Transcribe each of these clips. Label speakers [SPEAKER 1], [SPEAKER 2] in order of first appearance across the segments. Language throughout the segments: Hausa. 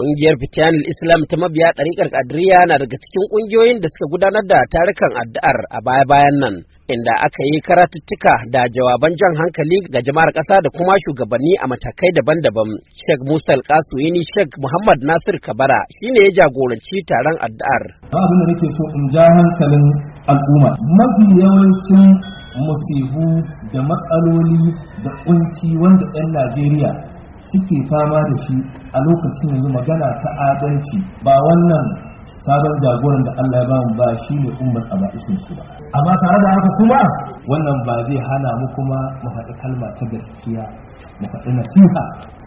[SPEAKER 1] Ƙungiyar Fitiyanul Islam ta mabiya ɗariƙar Kadiriya na daga cikin ƙungiyoyin da suka gudanar da tarukan addu'ar a baya-bayan nan, inda aka yi karatuttuka da jawaban jan hankali ga jama'ar ƙasa da kuma shugabanni a matakai daban-daban. Sheikh Musa ni Sheikh Muhammad Nasir Kabara shine ya jagoranci taron addu'ar.
[SPEAKER 2] Abin da nake so in ja hankalin al'umma. Mafi yawancin musibu da matsaloli da ƙunci wanda 'yan Najeriya suke fama da shi a lokacin yanzu magana ta adalci ba wannan sabon jagoran da Allah ya ba mu ba shi ne umar a ba'isin su ba amma tare da haka kuma wannan ba zai hana mu kuma mu faɗi kalma ta gaskiya mu faɗi nasiha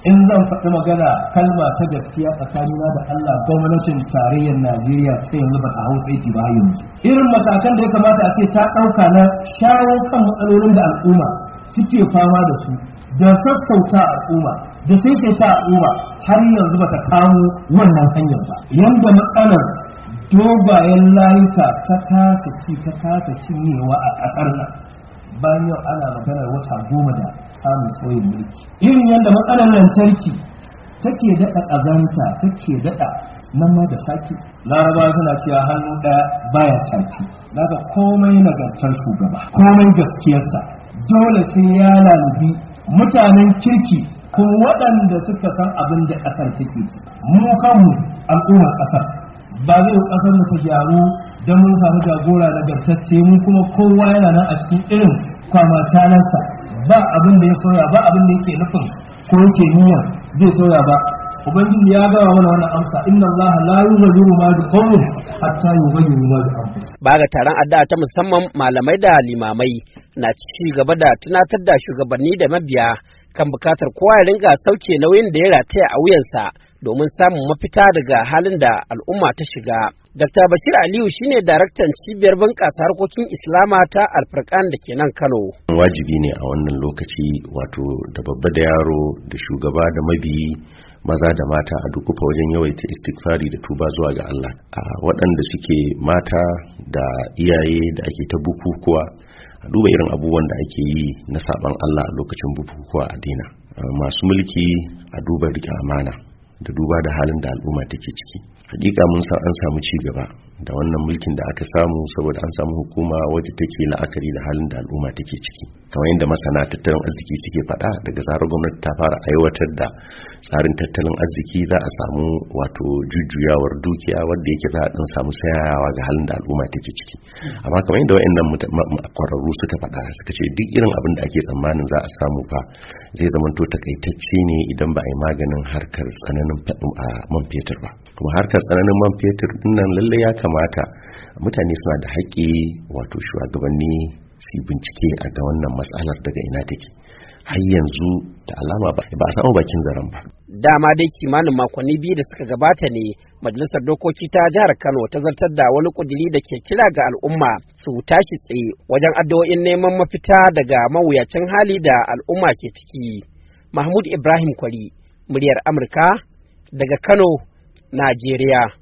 [SPEAKER 2] in zan faɗi magana kalma ta gaskiya tsakanina da Allah gwamnatin tarayyar Najeriya ta yanzu ba ta hau tsaiki ba yanzu irin matakan da ya kamata a ce ta ɗauka na shawo kan matsalolin da al'umma suke fama da su da sassauta al'umma da sai ce ta al'umma har yanzu bata kamo wannan hanyar ba yanda matsalar dogayen layuka ta kasa ci ta kasa cinyewa a ƙasar nan bayan yau ana maganar wata goma da samun sauyin mulki irin yadda matsalar lantarki take daɗa ƙazanta take daɗa nan ma da sake laraba suna cewa hannu ɗaya baya tafi daga komai nagartar shugaba komai gaskiyarsa dole sai ya lalubi mutanen kirki ko waɗanda suka san abin da ƙasar take mu kanmu al'ummar ƙasar ba zai ƙasar mu ta gyaru don mun samu jagora na gartacce mu kuma kowa yana nan a cikin irin canarsa ba abin da ya soya ba abin da yake nufin ko yake niyyar zai soya ba ubangiji ya gawa mana wannan amsa inna allaha la yughayyiru ma bi qawmin hatta yughayyiru ma bi anfusihim
[SPEAKER 1] ba ga taron addu'a ta musamman malamai da limamai na ci gaba da tunatar da shugabanni da mabiya kan bukatar kowa ya ringa sauke nauyin da ya rataya a wuyansa domin samun mafita daga halin da al'umma ta shiga. Dr. Bashir Aliyu shine daraktan cibiyar bunƙasa harkokin Islama ta Alfarkan da ke nan Kano.
[SPEAKER 3] Wajibi ne a wannan lokaci wato da babba da yaro da shugaba da mabiyi maza da mata a duk kufa wajen yawaita istighfari da tuba zuwa ga Allah. A waɗanda suke mata da iyaye da ake ta bukukuwa a duba irin abubuwan da ake yi na saban Allah a lokacin bukukuwa a dina masu mulki a duba rike amana da duba da halin da al'umma take ciki hakika mun san an samu ci gaba da wannan mulkin da aka samu saboda an samu hukuma wacce take la'akari da halin da al'umma take ciki kamar yadda masana tattalin arziki suke faɗa daga zarar gwamnati ta fara aiwatar da tsarin tattalin arziki za a samu wato jujjuyawar dukiya wanda yake za a dan samu sayawa ga halin da al'umma take ciki amma kamar yadda wayannan kwararru suka faɗa suka ce duk irin abin da ake tsammanin za a samu fa zai zamanto takaitacce ne idan ba a yi maganin harkar tsananin a man fetur ba kuma harkar tsananin man fetur dinnan lalle ya kamata mutane suna da haƙƙi wato shugabanni su bincike a ga wannan matsalar daga ina take har yanzu da alama ba a samu bakin zaren ba
[SPEAKER 1] dama dai kimanin makonni biyu da suka gabata ne majalisar dokoki ta jihar kano ta zartar da wani kudiri da ke kira ga al'umma su tashi tsaye wajen addu'o'in neman mafita daga mawuyacin hali da al'umma ke ciki mahmud ibrahim kwari muryar amurka daga kano Najeriya.